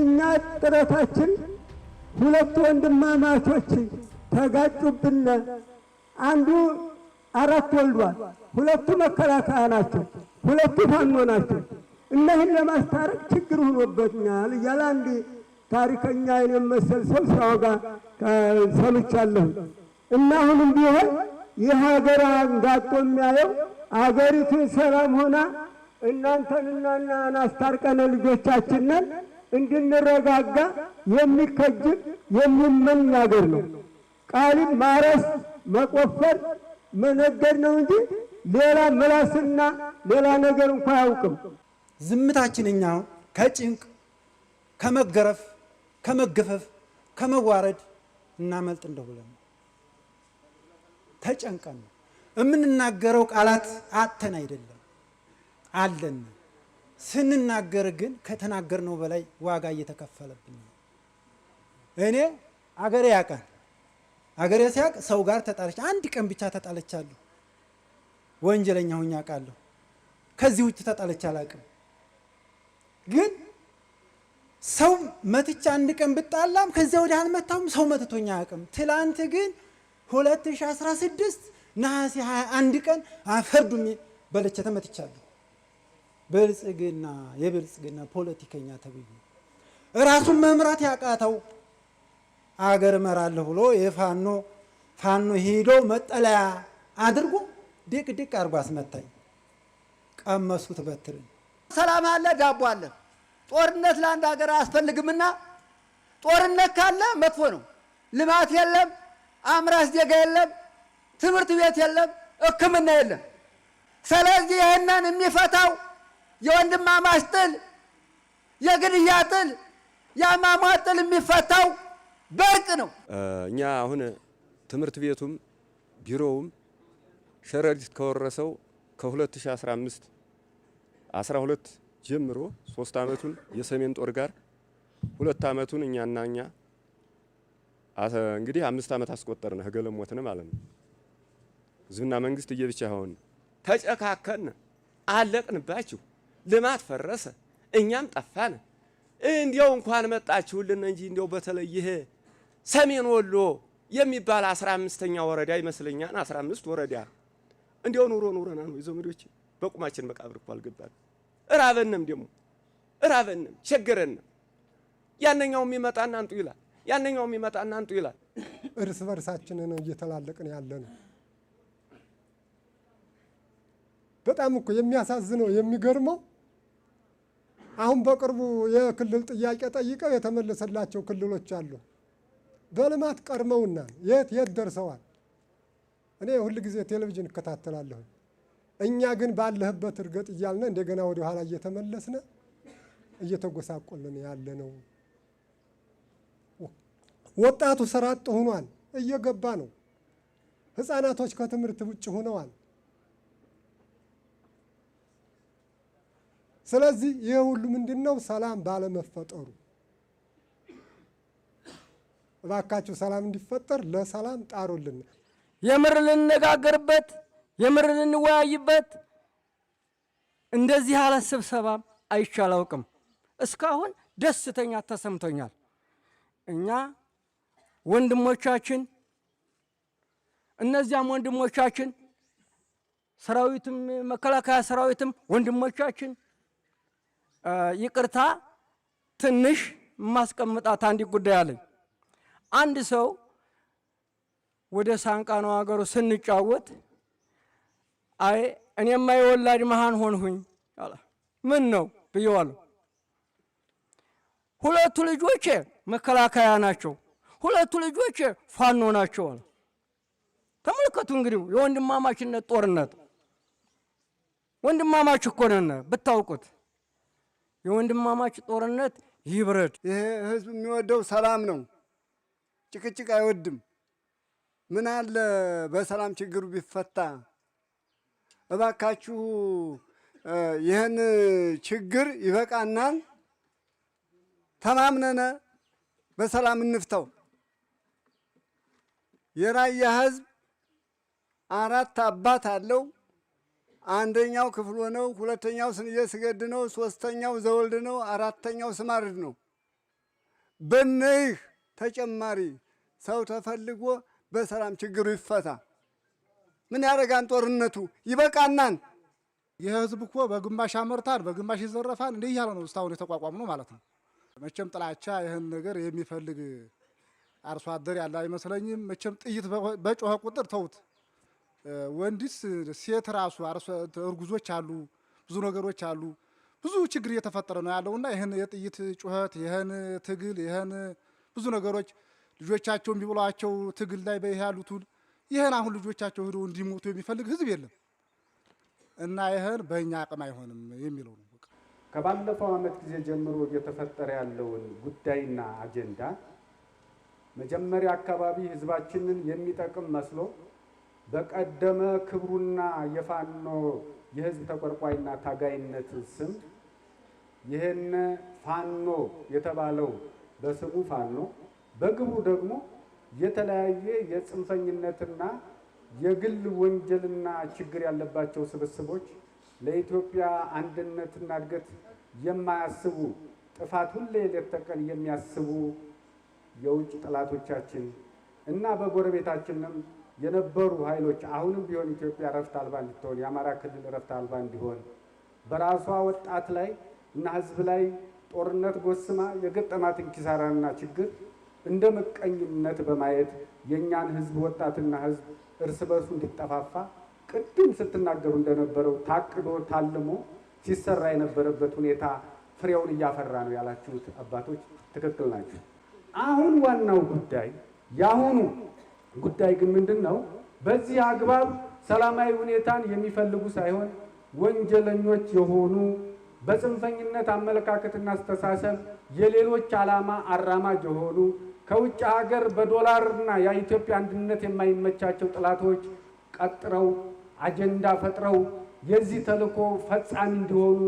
እኛ ጥረታችን ሁለቱ ወንድማማቾች ተጋጩብን። አንዱ አራት ወልዷል፣ ሁለቱ መከላከያ ናቸው፣ ሁለቱ ፋኖ ናቸው። እነህን ለማስታረቅ ችግር ሆኖበትኛል እያለ አንድ ታሪከኛ አይነት መሰል ሰው ሲያወጋ ሰምቻለሁ። እና አሁንም ቢሆን ይህ ሀገር አንጋጦ የሚያየው አገሪቱ ሰላም ሆና እናንተንና እናን አስታርቀነ ልጆቻችንን እንድንረጋጋ የሚከጅል የሚመኝ ነገር ነው። ቃሊም ማረስ፣ መቆፈር፣ መነገድ ነው እንጂ ሌላ ምላስና ሌላ ነገር እንኳ አያውቅም። ዝምታችን እኛ ከጭንቅ ከመገረፍ ከመገፈፍ ከመዋረድ እናመልጥ እንደው ብለን ተጨንቀን ነው የምንናገረው። ቃላት አተን አይደለም አለን ስንናገር ግን ከተናገርነው በላይ ዋጋ እየተከፈለብን ነው። እኔ አገሬ ያውቃል። አገሬ ሲያውቅ ሰው ጋር ተጣለች፣ አንድ ቀን ብቻ ተጣለቻለሁ። ወንጀለኛ ሁኜ አውቃለሁ። ከዚህ ውጭ ተጣለች አላውቅም። ግን ሰው መትቻ አንድ ቀን ብጣላም ከዚያ ወዲህ አልመታሁም። ሰው መትቶኛ አያውቅም። ትላንት ግን 2016 ነሐሴ 21 ቀን አፈርዱሜ በልቼ ተመትቻለሁ። ብልጽግና የብልጽግና ፖለቲከኛ ተብዬ እራሱን መምራት ያቃተው አገር እመራለሁ ብሎ የፋኖ ፋኖ ሄዶ መጠለያ አድርጎ ድቅድቅ አድርጎ አስመታኝ። ቀመሱት በትርን። ሰላም አለ ዳቦ አለ። ጦርነት ለአንድ ሀገር አያስፈልግምና ጦርነት ካለ መጥፎ ነው። ልማት የለም፣ አምራች ዜጋ የለም፣ ትምህርት ቤት የለም፣ ሕክምና የለም። ስለዚህ ይህንን የሚፈታው የወንድማማች ጥል፣ የግድያ ጥል፣ የአሟሟት ጥል የሚፈታው በእርቅ ነው። እኛ አሁን ትምህርት ቤቱም ቢሮውም ሸረሪት ከወረሰው ከ2015 12 ጀምሮ ሶስት አመቱን የሰሜን ጦር ጋር ሁለት አመቱን እኛና እኛ እንግዲህ አምስት አመት አስቆጠርን። ህገለሞትን ማለት ነው። ህዝብና መንግስት እየብቻ ሆን ተጨካከን አለቅንባችሁ። ልማት ፈረሰ፣ እኛም ጠፋን። እንዲያው እንኳን መጣችሁልን እንጂ እንዲያው በተለይ ሰሜን ወሎ የሚባል አስራ አምስተኛ ወረዳ ይመስለኛል። አስራ አምስት ወረዳ እንዲያው ኑሮ ኑረና ነው የዘመዶች በቁማችን መቃብር እኮ አልገባንም። እራበንም ደግሞ እራበንም ቸገረንም። ያነኛው የሚመጣ እናንጡ ይላል፣ ያነኛው የሚመጣ እናንጡ ይላል። እርስ በርሳችንን እየተላለቅን ያለ ነው። በጣም እኮ የሚያሳዝነው የሚገርመው አሁን በቅርቡ የክልል ጥያቄ ጠይቀው የተመለሰላቸው ክልሎች አሉ። በልማት ቀድመውና የት የት ደርሰዋል። እኔ ሁል ጊዜ ቴሌቪዥን እከታተላለሁ። እኛ ግን ባለህበት እርገጥ እያልን እንደገና ወደ ኋላ እየተመለስን እየተጎሳቆልን ያለ ነው። ወጣቱ ስራ አጥ ሆኗል፣ እየገባ ነው። ህፃናቶች ከትምህርት ውጭ ሆነዋል። ስለዚህ ይህ ሁሉ ምንድን ነው? ሰላም ባለመፈጠሩ። እባካችሁ ሰላም እንዲፈጠር ለሰላም ጣሩልን። የምር ልንነጋገርበት፣ የምር ልንወያይበት። እንደዚህ ያለ ስብሰባም አይቼ አላውቅም። እስካሁን ደስተኛ ተሰምቶኛል። እኛ ወንድሞቻችን እነዚያም ወንድሞቻችን ሰራዊትም መከላከያ ሰራዊትም ወንድሞቻችን ይቅርታ ትንሽ ማስቀምጣት አንድ ጉዳይ አለኝ። አንድ ሰው ወደ ሳንቃ ነው ሀገሩ ስንጫወት አይ እኔማ የወላድ መሃን ሆንሁኝ ምን ነው ብየዋለሁ። ሁለቱ ልጆቼ መከላከያ ናቸው፣ ሁለቱ ልጆቼ ፋኖ ናቸው። ተመልከቱ እንግዲህ የወንድማማችነት ጦርነት ወንድማማች እኮ ነን ብታውቁት የወንድማማች ጦርነት ይብረድ። ይሄ ህዝብ የሚወደው ሰላም ነው፣ ጭቅጭቅ አይወድም። ምን አለ በሰላም ችግሩ ቢፈታ። እባካችሁ ይህን ችግር ይበቃናል፣ ተማምነነ በሰላም እንፍተው። የራያ ህዝብ አራት አባት አለው። አንደኛው ክፍሎ ነው፣ ሁለተኛው ስንዬ ስገድ ነው፣ ሶስተኛው ዘወልድ ነው፣ አራተኛው ስማርድ ነው። በነይህ ተጨማሪ ሰው ተፈልጎ በሰላም ችግሩ ይፈታ። ምን ያደረጋን ጦርነቱ? ይበቃናን። የህዝብ እኮ በግማሽ አመርታን በግማሽ ይዘረፋል። እንዲህ እያለ ነው እስካሁን የተቋቋሙ ነው ማለት ነው። መቼም ጥላቻ ይህን ነገር የሚፈልግ አርሶ አደር ያለ አይመስለኝም። መቼም ጥይት በጮኸ ቁጥር ተውት ወንዲስ ሴት ራሱ እርጉዞች አሉ፣ ብዙ ነገሮች አሉ፣ ብዙ ችግር እየተፈጠረ ነው ያለው እና ይህን የጥይት ጩኸት ይህን ትግል ይህን ብዙ ነገሮች ልጆቻቸው የሚብሏቸው ትግል ላይ በይህ ያሉትን ይህን አሁን ልጆቻቸው ሄዶ እንዲሞቱ የሚፈልግ ህዝብ የለም እና ይህን በእኛ አቅም አይሆንም የሚለው ነው። ከባለፈው ዓመት ጊዜ ጀምሮ እየተፈጠረ ያለውን ጉዳይና አጀንዳ መጀመሪያ አካባቢ ህዝባችንን የሚጠቅም መስሎ በቀደመ ክብሩና የፋኖ የህዝብ ተቆርቋይና ታጋይነት ስም ይህን ፋኖ የተባለው በስሙ ፋኖ በግቡ ደግሞ የተለያየ የጽንፈኝነትና የግል ወንጀልና ችግር ያለባቸው ስብስቦች ለኢትዮጵያ አንድነትና እድገት የማያስቡ ጥፋት ሁሌ ሌት ተቀን የሚያስቡ የውጭ ጠላቶቻችን እና በጎረቤታችንም የነበሩ ኃይሎች አሁንም ቢሆን ኢትዮጵያ ረፍት አልባ እንድትሆን የአማራ ክልል እረፍት አልባ እንዲሆን በራሷ ወጣት ላይ እና ሕዝብ ላይ ጦርነት ጎስማ የገጠማትን ኪሳራና ችግር እንደ ምቀኝነት በማየት የእኛን ሕዝብ ወጣትና ሕዝብ እርስ በርሱ እንዲጠፋፋ ቅድም ስትናገሩ እንደነበረው ታቅዶ ታልሞ ሲሰራ የነበረበት ሁኔታ ፍሬውን እያፈራ ነው ያላችሁት አባቶች ትክክል ናቸው። አሁን ዋናው ጉዳይ የአሁኑ ጉዳይ ግን ምንድን ነው? በዚህ አግባብ ሰላማዊ ሁኔታን የሚፈልጉ ሳይሆን ወንጀለኞች የሆኑ በጽንፈኝነት አመለካከትና አስተሳሰብ የሌሎች ዓላማ አራማጅ የሆኑ ከውጭ ሀገር በዶላርና የኢትዮጵያ አንድነት የማይመቻቸው ጥላቶች ቀጥረው አጀንዳ ፈጥረው የዚህ ተልእኮ ፈጻሚ እንዲሆኑ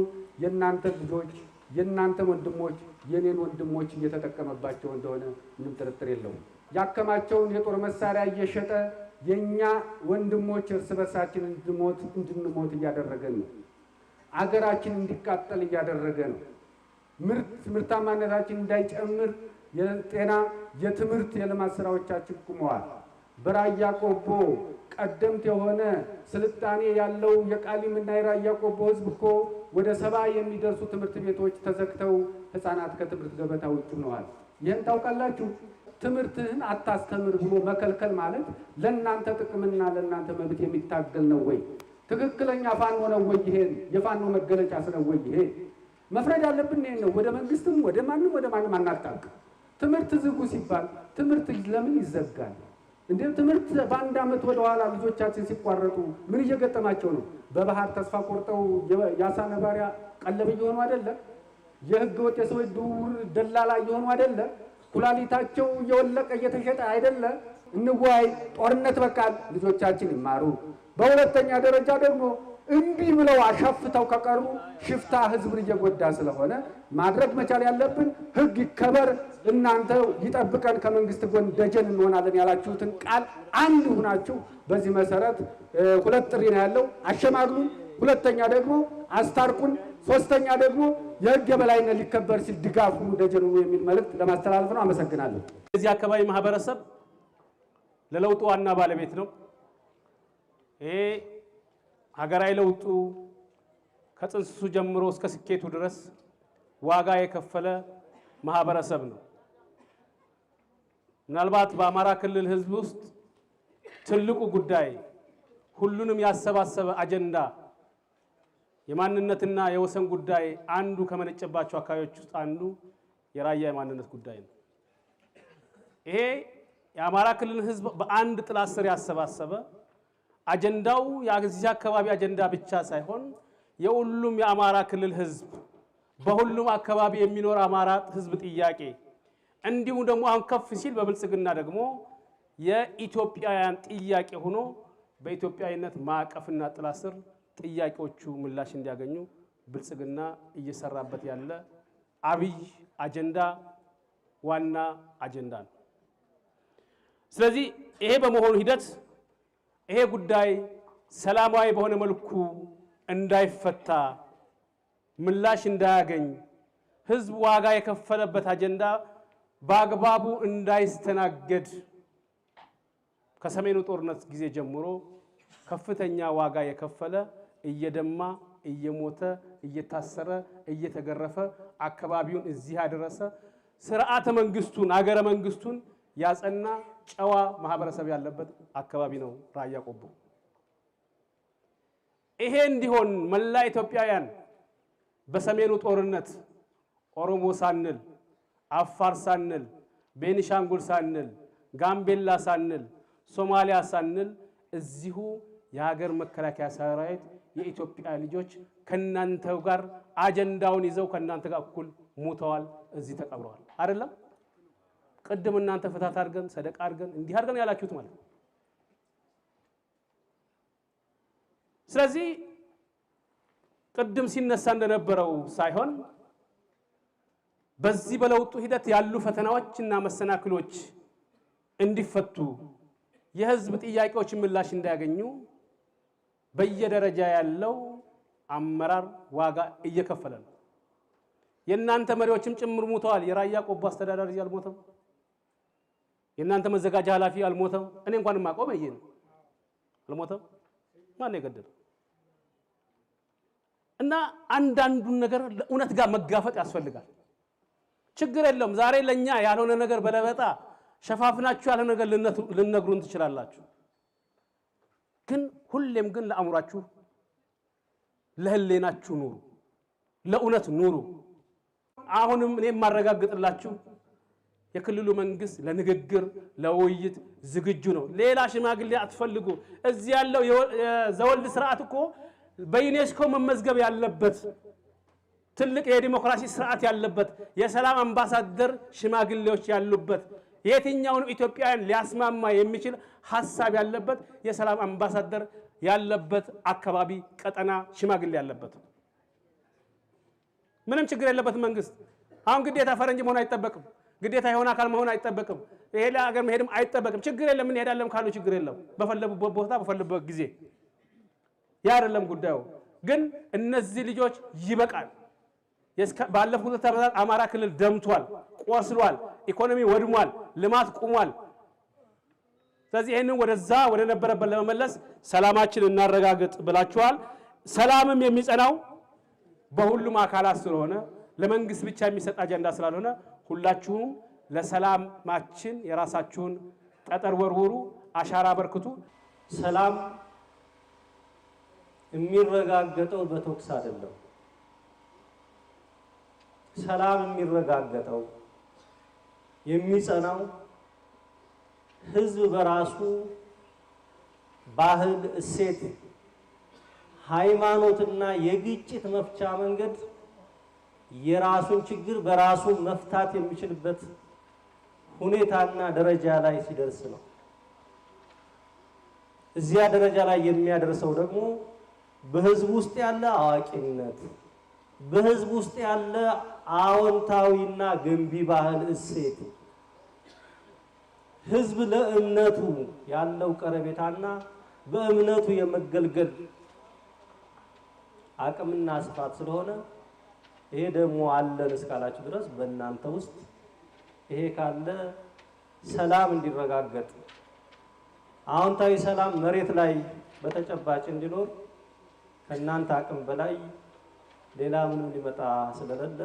የእናንተ ልጆች የእናንተ ወንድሞች የኔን ወንድሞች እየተጠቀመባቸው እንደሆነ ምንም ጥርጥር የለውም። ያከማቸውን የጦር መሳሪያ እየሸጠ የእኛ ወንድሞች እርስ በርሳችን እንድንሞት እንድንሞት እያደረገ ነው። አገራችን እንዲቃጠል እያደረገ ነው። ምርት ምርታማነታችን እንዳይጨምር የጤና፣ የትምህርት፣ የልማት ስራዎቻችን ቁመዋል። በራያ ቆቦ ቀደምት የሆነ ስልጣኔ ያለው የቃሊም ና የራያ ቆቦ ህዝብ እኮ ወደ ሰባ የሚደርሱ ትምህርት ቤቶች ተዘግተው ህፃናት ከትምህርት ገበታ ውጭ ሆነዋል። ይህን ታውቃላችሁ። ትምህርትህን አታስተምር ብሎ መከልከል ማለት ለእናንተ ጥቅምና ለእናንተ መብት የሚታገል ነው ወይ? ትክክለኛ ፋኖ ነው ወይ? ይሄን የፋኖ መገለጫ ነው ወይ? ይሄ መፍረድ ያለብን ይሄን ነው። ወደ መንግስትም ወደ ማንም ወደ ማንም አናጣቅ። ትምህርት ዝጉ ሲባል ትምህርት ለምን ይዘጋል? እንደ ትምህርት በአንድ ዓመት ወደኋላ ልጆቻችን ሲቋረጡ ምን እየገጠማቸው ነው? በባህር ተስፋ ቆርጠው የአሳ ነባሪያ ቀለብ እየሆኑ አይደለም? የህገ ወጥ የሰዎች ድውር ደላላ እየሆኑ አይደለም? ኩላሊታቸው እየወለቀ እየተሸጠ አይደለ? እንዋይ ጦርነት በቃል ልጆቻችን ይማሩ። በሁለተኛ ደረጃ ደግሞ እምቢ ብለው አሸፍተው ከቀሩ ሽፍታ ህዝብን እየጎዳ ስለሆነ ማድረግ መቻል ያለብን ህግ ይከበር፣ እናንተ ይጠብቀን፣ ከመንግስት ጎን ደጀን እንሆናለን ያላችሁትን ቃል አንድ ሁናችሁ በዚህ መሰረት ሁለት ጥሪ ነው ያለው። አሸማግሉን፣ ሁለተኛ ደግሞ አስታርቁን። ሶስተኛ ደግሞ የህግ የበላይነት ሊከበር ሲል ድጋፉ ደጀኑ የሚል መልእክት ለማስተላለፍ ነው። አመሰግናለሁ። የዚህ አካባቢ ማህበረሰብ ለለውጡ ዋና ባለቤት ነው። ይሄ ሀገራዊ ለውጡ ከጽንስሱ ጀምሮ እስከ ስኬቱ ድረስ ዋጋ የከፈለ ማህበረሰብ ነው። ምናልባት በአማራ ክልል ህዝብ ውስጥ ትልቁ ጉዳይ ሁሉንም ያሰባሰበ አጀንዳ የማንነትና የወሰን ጉዳይ አንዱ ከመነጨባቸው አካባቢዎች ውስጥ አንዱ የራያ የማንነት ጉዳይ ነው። ይሄ የአማራ ክልል ህዝብ በአንድ ጥላ ስር ያሰባሰበ አጀንዳው የዚህ አካባቢ አጀንዳ ብቻ ሳይሆን የሁሉም የአማራ ክልል ህዝብ በሁሉም አካባቢ የሚኖር አማራ ህዝብ ጥያቄ እንዲሁም ደግሞ አሁን ከፍ ሲል በብልጽግና ደግሞ የኢትዮጵያውያን ጥያቄ ሆኖ በኢትዮጵያዊነት ማዕቀፍና ጥላ ስር ጥያቄዎቹ ምላሽ እንዲያገኙ ብልጽግና እየሰራበት ያለ አብይ አጀንዳ ዋና አጀንዳ ነው። ስለዚህ ይሄ በመሆኑ ሂደት ይሄ ጉዳይ ሰላማዊ በሆነ መልኩ እንዳይፈታ ምላሽ እንዳያገኝ ህዝብ ዋጋ የከፈለበት አጀንዳ በአግባቡ እንዳይስተናገድ ከሰሜኑ ጦርነት ጊዜ ጀምሮ ከፍተኛ ዋጋ የከፈለ እየደማ እየሞተ እየታሰረ እየተገረፈ አካባቢውን እዚህ ያደረሰ ስርዓተ መንግስቱን አገረ መንግስቱን ያጸና ጨዋ ማህበረሰብ ያለበት አካባቢ ነው ራያ ቆቦ። ይሄ እንዲሆን መላ ኢትዮጵያውያን በሰሜኑ ጦርነት ኦሮሞ ሳንል፣ አፋር ሳንል፣ ቤኒሻንጉል ሳንል፣ ጋምቤላ ሳንል፣ ሶማሊያ ሳንል እዚሁ የሀገር መከላከያ ሰራዊት የኢትዮጵያ ልጆች ከእናንተ ጋር አጀንዳውን ይዘው ከእናንተ ጋር እኩል ሙተዋል፣ እዚህ ተቀብረዋል። አይደለም ቅድም እናንተ ፍታት አድርገን ሰደቃ አድርገን እንዲህ አድርገን ያላችሁት ማለት ነው። ስለዚህ ቅድም ሲነሳ እንደነበረው ሳይሆን በዚህ በለውጡ ሂደት ያሉ ፈተናዎችና መሰናክሎች እንዲፈቱ የህዝብ ጥያቄዎች ምላሽ እንዳያገኙ በየደረጃ ያለው አመራር ዋጋ እየከፈለ ነው። የእናንተ መሪዎችም ጭምር ሙተዋል የራያ ቆቦ አስተዳዳሪ አልሞተም። የእናንተ መዘጋጃ ኃላፊ አልሞተም። እኔ እንኳን ማቆም ይሄ ነው አልሞተም። ማን የገደለው? እና አንዳንዱን ነገር ለእውነት ጋር መጋፈጥ ያስፈልጋል። ችግር የለውም። ዛሬ ለኛ ያልሆነ ነገር በለበጣ ሸፋፍናችሁ ያልሆነ ነገር ልነግሩን ትችላላችሁ ግን ሁሌም ግን ለአእምሯችሁ፣ ለህሌናችሁ ኑሩ፣ ለእውነት ኑሩ። አሁንም እኔ የማረጋግጥላችሁ የክልሉ መንግስት ለንግግር ለውይይት ዝግጁ ነው። ሌላ ሽማግሌ አትፈልጉ። እዚህ ያለው የዘወልድ ስርዓት እኮ በዩኔስኮ መመዝገብ ያለበት ትልቅ የዲሞክራሲ ስርዓት ያለበት የሰላም አምባሳደር ሽማግሌዎች ያሉበት የትኛውንም ኢትዮጵያውያን ሊያስማማ የሚችል ሀሳብ ያለበት የሰላም አምባሳደር ያለበት አካባቢ ቀጠና ሽማግሌ ያለበት ምንም ችግር የለበት መንግስት። አሁን ግዴታ ፈረንጅ መሆን አይጠበቅም። ግዴታ የሆነ አካል መሆን አይጠበቅም። ይሄ ለሀገር መሄድም አይጠበቅም። ችግር የለም እንሄዳለን ካሉ ችግር የለም። በፈለጉበት ቦታ በፈለጉበት ጊዜ ያ አይደለም ጉዳዩ። ግን እነዚህ ልጆች ይበቃል። ባለፉት ሁለት ዓመታት አማራ ክልል ደምቷል፣ ቆስሏል፣ ኢኮኖሚ ወድሟል፣ ልማት ቁሟል። ስለዚህ ይህንን ወደዛ ወደ ነበረበት ለመመለስ ሰላማችን እናረጋግጥ ብላችኋል። ሰላምም የሚጸናው በሁሉም አካላት ስለሆነ ለመንግስት ብቻ የሚሰጥ አጀንዳ ስላልሆነ ሁላችሁም ለሰላማችን የራሳችሁን ጠጠር ወርውሩ፣ አሻራ አበርክቱ። ሰላም የሚረጋገጠው በተኩስ አይደለም። ሰላም የሚረጋገጠው የሚጸናው ህዝብ በራሱ ባህል፣ እሴት፣ ሃይማኖትና የግጭት መፍቻ መንገድ የራሱን ችግር በራሱ መፍታት የሚችልበት ሁኔታና ደረጃ ላይ ሲደርስ ነው። እዚያ ደረጃ ላይ የሚያደርሰው ደግሞ በህዝብ ውስጥ ያለ አዋቂነት በህዝብ ውስጥ ያለ አዎንታዊና ገንቢ ባህል እሴት፣ ህዝብ ለእምነቱ ያለው ቀረቤታና በእምነቱ የመገልገል አቅምና ስፋት ስለሆነ ይሄ ደግሞ አለን እስካላችሁ ድረስ በእናንተ ውስጥ ይሄ ካለ ሰላም እንዲረጋገጥ አዎንታዊ ሰላም መሬት ላይ በተጨባጭ እንዲኖር ከእናንተ አቅም በላይ ሌላ ምንም ሊመጣ ስለሌለ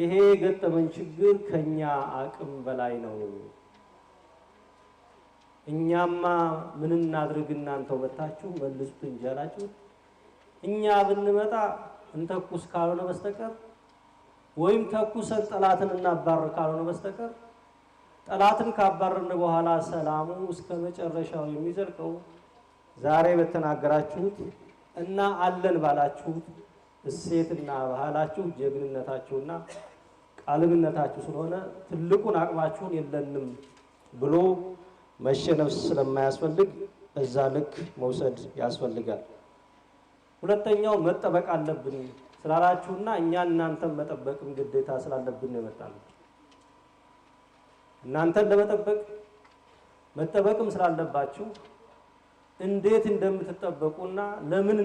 ይሄ የገጠመን ችግር ከኛ አቅም በላይ ነው። እኛማ ምን እናድርግ እናንተ መልሱት እንጂ አላችሁ። እኛ ብንመጣ እንተኩስ ካልሆነ በስተቀር ወይም ተኩሰን ጠላትን እናባረር ካልሆነ በስተቀር ጠላትን ካባረርን በኋላ ሰላሙ እስከ መጨረሻው የሚዘልቀው ዛሬ በተናገራችሁት እና አለን ባላችሁት እሴትና ባህላችሁ ጀግንነታችሁና ቃልምነታችሁ ስለሆነ ትልቁን አቅማችሁን የለንም ብሎ መሸነፍ ስለማያስፈልግ እዛ ልክ መውሰድ ያስፈልጋል። ሁለተኛው መጠበቅ አለብን ስላላችሁና እኛ እናንተን መጠበቅም ግዴታ ስላለብን ነው እናንተን ለመጠበቅ መጠበቅም ስላለባችሁ እንዴት እንደምትጠበቁና ለምን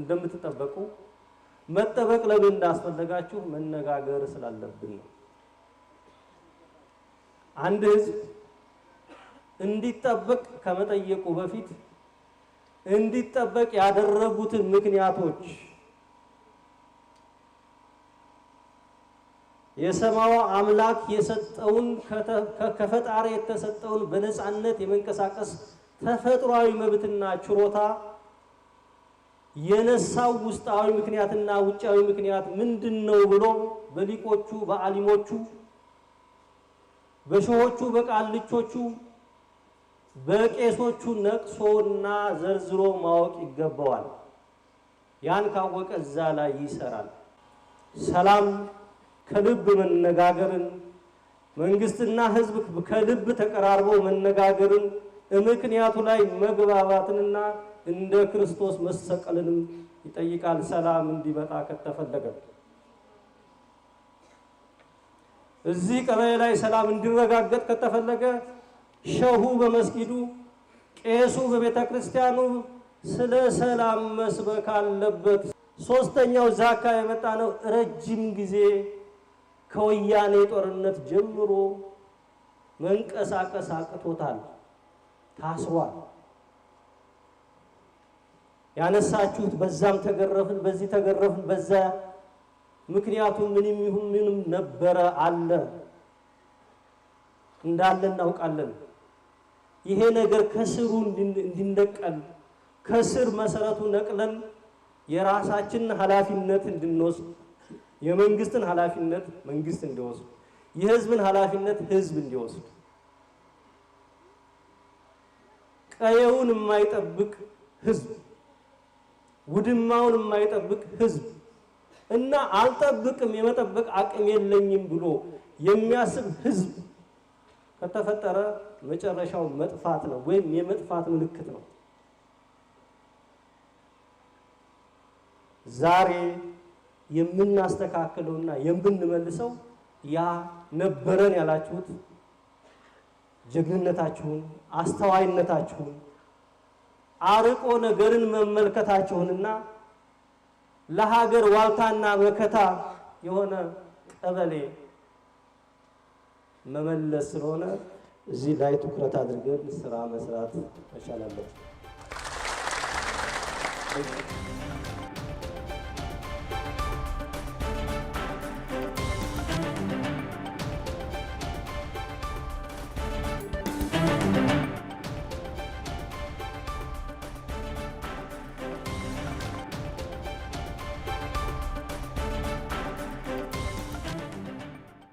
እንደምትጠበቁ መጠበቅ ለምን እንዳስፈለጋችሁ መነጋገር ስላለብን ነው። አንድ ህዝብ እንዲጠበቅ ከመጠየቁ በፊት እንዲጠበቅ ያደረጉትን ምክንያቶች የሰማው አምላክ የሰጠውን ከፈጣሪ የተሰጠውን በነፃነት የመንቀሳቀስ ተፈጥሯዊ መብትና ችሮታ የነሳው ውስጣዊ ምክንያትና ውጫዊ ምክንያት ምንድን ነው ብሎ በሊቆቹ በአሊሞቹ በሾሆቹ በቃልቾቹ በቄሶቹ ነቅሶና ዘርዝሮ ማወቅ ይገባዋል። ያን ካወቀ እዛ ላይ ይሰራል። ሰላም ከልብ መነጋገርን፣ መንግስትና ህዝብ ከልብ ተቀራርቦ መነጋገርን ምክንያቱ ላይ መግባባትንና እንደ ክርስቶስ መሰቀልንም ይጠይቃል። ሰላም እንዲመጣ ከተፈለገ እዚህ ቀበሌ ላይ ሰላም እንዲረጋገጥ ከተፈለገ ሸሁ በመስጊዱ፣ ቄሱ በቤተ ክርስቲያኑ ስለ ሰላም መስበክ አለበት። ሶስተኛው ዛካ የመጣ ነው። ረጅም ጊዜ ከወያኔ ጦርነት ጀምሮ መንቀሳቀስ አቅቶታል። ታስሯል። ያነሳችሁት በዛም ተገረፍን፣ በዚህ ተገረፍን፣ በዛ ምክንያቱም ምንም ይሁን ምንም ነበረ አለ እንዳለ እናውቃለን። ይሄ ነገር ከስሩ እንዲነቀል ከስር መሰረቱ ነቅለን የራሳችንን ኃላፊነት እንድንወስድ የመንግስትን ኃላፊነት መንግስት እንዲወስድ የህዝብን ኃላፊነት ህዝብ እንዲወስድ ቀየውን የማይጠብቅ ህዝብ፣ ውድማውን የማይጠብቅ ህዝብ እና አልጠብቅም የመጠበቅ አቅም የለኝም ብሎ የሚያስብ ህዝብ ከተፈጠረ መጨረሻው መጥፋት ነው ወይም የመጥፋት ምልክት ነው። ዛሬ የምናስተካክለውና የምንመልሰው ያ ነበረን ያላችሁት ጀግንነታችሁን፣ አስተዋይነታችሁን፣ አርቆ ነገርን መመልከታችሁንና ለሀገር ዋልታና መከታ የሆነ ቀበሌ መመለስ ስለሆነ እዚህ ላይ ትኩረት አድርገን ስራ መስራት መቻል